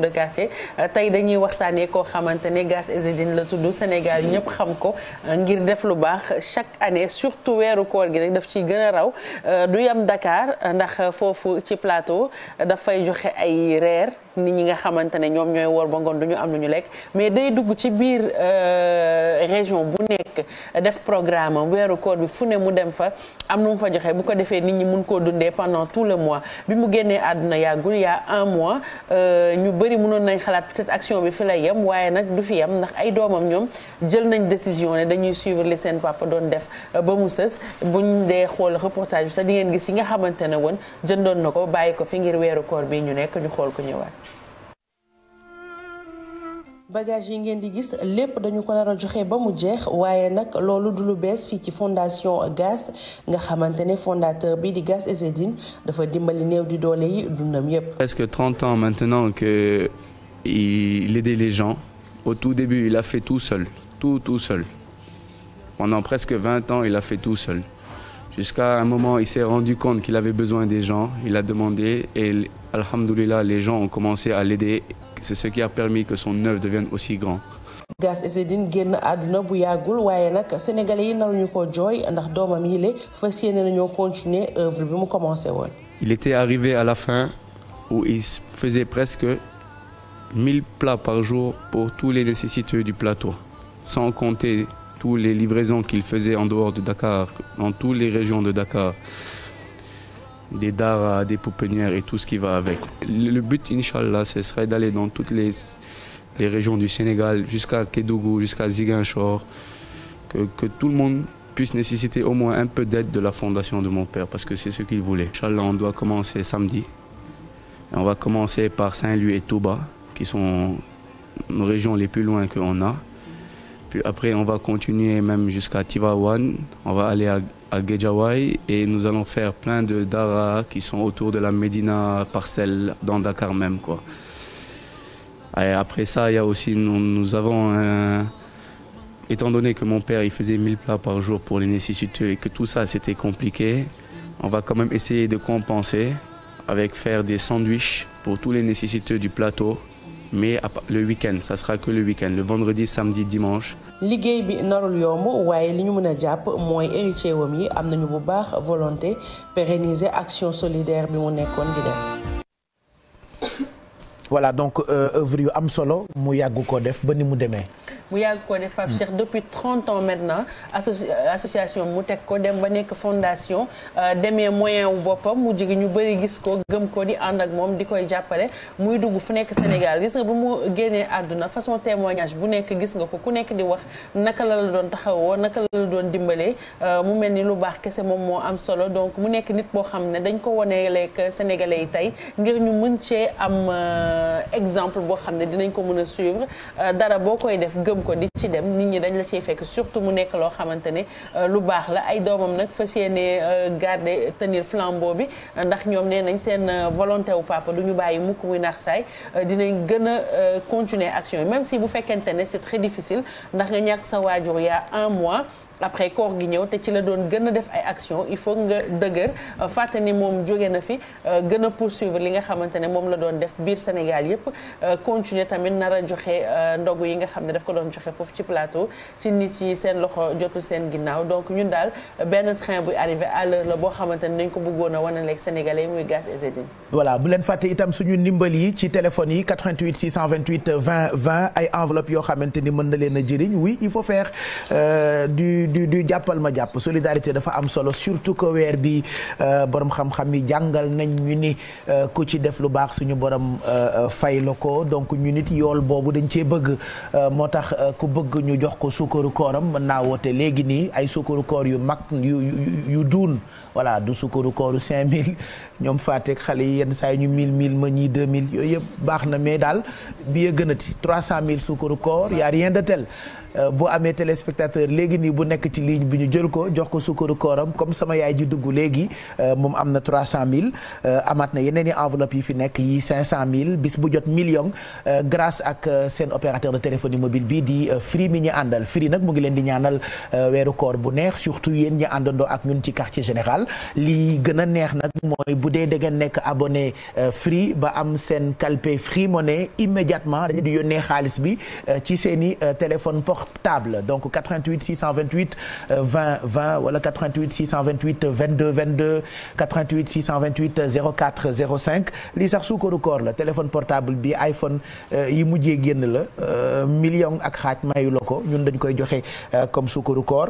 de quartier euh, tey dañuy waxtaanee koo xamante ne Gaz Ezedine la tudd Sénégal ñëpp xam ko euh, ngir def lu baax chaque année surtout weeru koor gi rek daf ciy gën a raw euh, du yam Dakar ndax foofu ci plateau dafay joxe ay reer nit ñi nga xamante ne ñoom ñooy wor ba ngoon du ñu am lu ñu lekk mais day dugg ci biir région bu nekk def programme weeru koor bi fu ne mu dem fa am nu mu fa joxe bu ko defee nit ñi mun koo dundee pendant tout le mois bi mu génnee àdduna yàggul bëri mënoon nañ xalaat peut-être action bi fi lay yem waaye nag du fi yem ndax ay doomam ñoom jël nañ décision ne dañuy suivre li seen papa doon def euh, ba mu sës buñ dee xool reportage bi sax di ngeen gis yi nga xamante ne woon jëndoon na ko bàyyi ko fi ngir weeru koor bi ñu nekk ñu xool ko ñëwaat. bagage yi ngeen di gis lépp dañu ko nar a joxe ba mu jeex waaye nag loolu du lu bees fii ci fondation GAS nga xamante ne fondateur bi di GAS Ezedine dafa dimbali néew di doole yi dundam yépp presque trente ans maintenant que il aidait les gens au tout début il a fait tout seul tout tout seul pendant presque vingt ans il a fait tout seul jusqu'à un moment il s'est rendu compte qu'il avait besoin des gens il a demandé et alhamdoulilah les gens ont commencé C'est ce qui a permis que son œuvre devienne aussi grande. Gas Ezedine génn àdduna bu yàggul waaye nag sénégalais yi ndax doomam yi le fas yéene nañoo continuer œuvre bi mu commencé woon. Il était arrivé à la fin où il faisait presque 1000 plats par jour pour tous les nécessiteux du plateau, sans compter toutes les livraisons qu'il faisait en dehors de les régions de Dakar. des dards, euh, des pouponnières et tout ce qui va avec. Le but, Inch'Allah, ce serait d'aller dans toutes les, les régions du Sénégal, jusqu'à Kédougou, jusqu'à Ziguinchor, que, que, tout le monde puisse nécessiter au moins un peu d'aide de la fondation de mon père, parce que c'est ce qu'il voulait. Inch'Allah, on doit commencer samedi. Et on va commencer par Saint-Louis et Touba, qui sont nos régions les plus loin qu'on a. Puis après, on va continuer même jusqu'à Tivaouane. On va aller à à Gejawai et nous allons faire plein de daras qui sont autour de la Médina parcelle dans Dakar même quoi. Et après ça, il y a aussi nous, nous avons un... étant donné que mon père il faisait 1000 plats par jour pour les nécessiteux et que tout ça c'était compliqué, on va quand même essayer de compenser avec faire des sandwichs pour tous les nécessiteux du plateau mais le week-end ça sera que le week-end le vendredi samedi dimanche. liggéey bi narul yomb waaye li ñu mën a jàpp mooy héritier wom yi am nañu bu baax volonté pérenniser action solidaire bi mu nekkoon di def. voilà donc euh, œuvre yu am solo mu yàgg koo def ba ni mu demee. mu yàgg koo def Pape Cheikh depuis 30 ans maintenant association mu teg ko dem ba nekk fondation euh, demee moyen wu boppam mu jigi ñu bëri gis ko gëm ko di ànd ak moom di koy jàppale muy dugg fu nekk Sénégal gis nga bu mu génnee àdduna façon témoignage bu nekk gis nga ko ku nekk di wax naka la la doon taxawoo naka la la doon dimbalee euh, mu mel ni lu baax kese moom moo am solo donc mu nekk nit boo xam ne dañ ko woneeleek Sénégalais yi tey ngir ñu mën cee am Euh, exemple boo xam ne dinañ ko mën a suivre euh, dara boo koy def gëm ko di ci dem nit ñi dañ la ciy fekk surtout mu nekk loo xamante ne euh, lu baax la ay doomam nag fas yéene garder tenir flambeau bi ndax ñoom nee nañ seen volonté wu papa du ñu bàyyi mukk muy naax saay dinañ gën a continuer action yi même si bu fekkente ne c'est très difficile ndax nga ñàkk sa waajur yaa un mois après koor gi ñëw te ci la doon gën a def ay action il faut nga dëgër euh, fàtte ni moom jóge na fi euh, gën a poursuivre li nga xamante ne moom la doon def biir Sénégal yëpp euh, continuer tamit nar a joxe ndogu yi nga xam ne daf ko doon joxe foofu ci plateau ci nit yi seen loxo jotul seen ginnaaw donc ñun daal benn train buy arrivé à l'heure la boo xamante ne dañ ko bëggoon a wane leeg Sénégalais muy gaz Ezedine voilà bu leen fàtte itam suñu ndimbal yi ci téléphone yi 88 628 20 20 ay enveloppe yoo xamante ni mën na leen a jëriñ oui il faut faire du du jàppal ma jàpp solidarité dafa am solo surtout que weer bi euh, borom xam-xam yi jàngal nañ ñu ni euh, ku ci def lu baax suñu borom euh, fay la ko donc ñu nit yool boobu dañ cee bëgg moo tax ku bëgg ñu jox ko sukkaru kooram mën naa woote léegi nii ay sukkaru koor yu mag yu yu duun voilà du sukkaru kooru 5000 ñoom fàtteeg xale yi yenn saa yi ñu mille mille ma ñii 2000 yooyu yëpp baax na mais daal bi ya gënati 300000 sukkaru koor y a rien de nekk ci ligne bi ñu jël ko jox ko sukkaru kooram comme sama yaay ji dugg léegi euh, moom am na 300000 euh, amaat na yeneen i enveloppe yi fi nekk yi 500000 bis bu jot million euh, grâce ak seen opérateur de téléphonie mobile bi di Free mi ñu àndal Free nag mu ngi leen di ñaanal weeru koor bu neex surtout yéen ñi àndandoo ak ñun ci quartier général li gën a neex nag mooy bu dee da ngeen nekk abonné Free ba am seen kalpe Free Money immédiatement dañu di yónnee xaalis bi ci seen i téléphone portable donc 88 88 20 euh, vingt wala 88 628 22 22 88 628 04 cinq li sax suukaru koor la téléphone portable bi iPhone euh, yi mujjee génn la euh, million ak xaaj mayu la ko ñun dañ koy joxe comme suukaru koor